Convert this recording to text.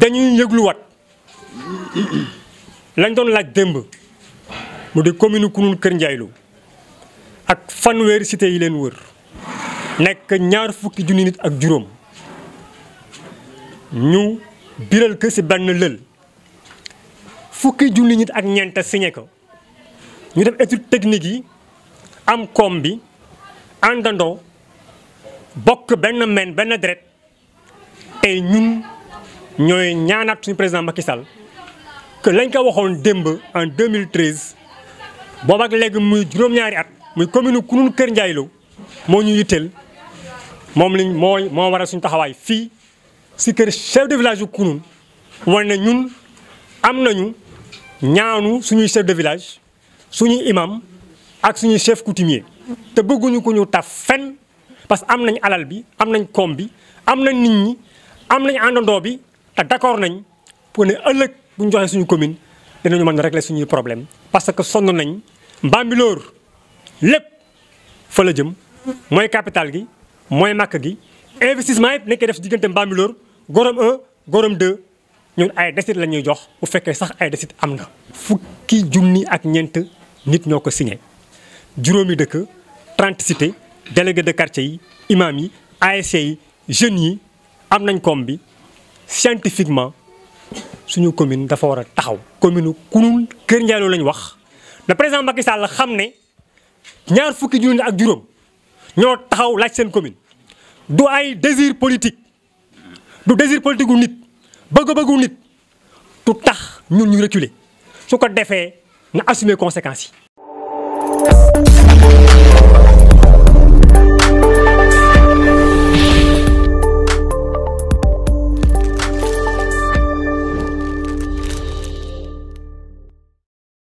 dañuy yëgluwaat lañ doon laaj démb mu di commune Kounoune Kër Ndiaye ak fanweeri site yi leen wër nekk ñaar fukki junni nit ak juróom ñu biral ko ci benn lël fukki junni nit ak ñeent signé ko ñu def étude technique yi am koom bi àndandoo bokk benn men benn deret tey ñun ñooy ñaanaat suñu président Macky Sall que lañ ko waxoon démb en 2013 boobu ak léegi muy juróom-ñaari at muy commune Kounoune Kër Ndiaye moo ñu yitteel moom lañ mooy moo waral suñu taxawaay fii si kër chef de village yu Kounoune wane na ñun am nañu ñaanu suñuy chef de village suñuy imam ak suñuy chef coutumier te bëgguñu ko ñu taf fenn parce que am nañu alal bi am nañ koom bi am nañ nit ñi am nañ àndandoo bi te d' accord nañ pour ne ëllëg bu ñu joxee suñu commune dinañu mën a régler suñuy problème parce que sonn nañ Bambilor lépp fa la jëm mooy capital gi mooy màkk gi investissement yëpp nañ koy def diggante Bambilor Gorom 1 Gorom 2 ñun ay desit la ñuy jox bu fekkee sax ay desit am na. fukki junni ak ñeent nit ñoo ko signé juróomi dëkk trent cité délégué de quartier yi imam yi ASC yi jeunes yi am nañ comme bi. scientifiquement suñu commune dafa wara taxaw. commune kunul keur lañ wax le président Macky Sall xamné ñaar fukki juñu ak ñoo taxaw laaj commune du ay désir politique du désir politique gu nit bëgg-bëggu nit tu tax ñun ñu reculer su na assumer conséquences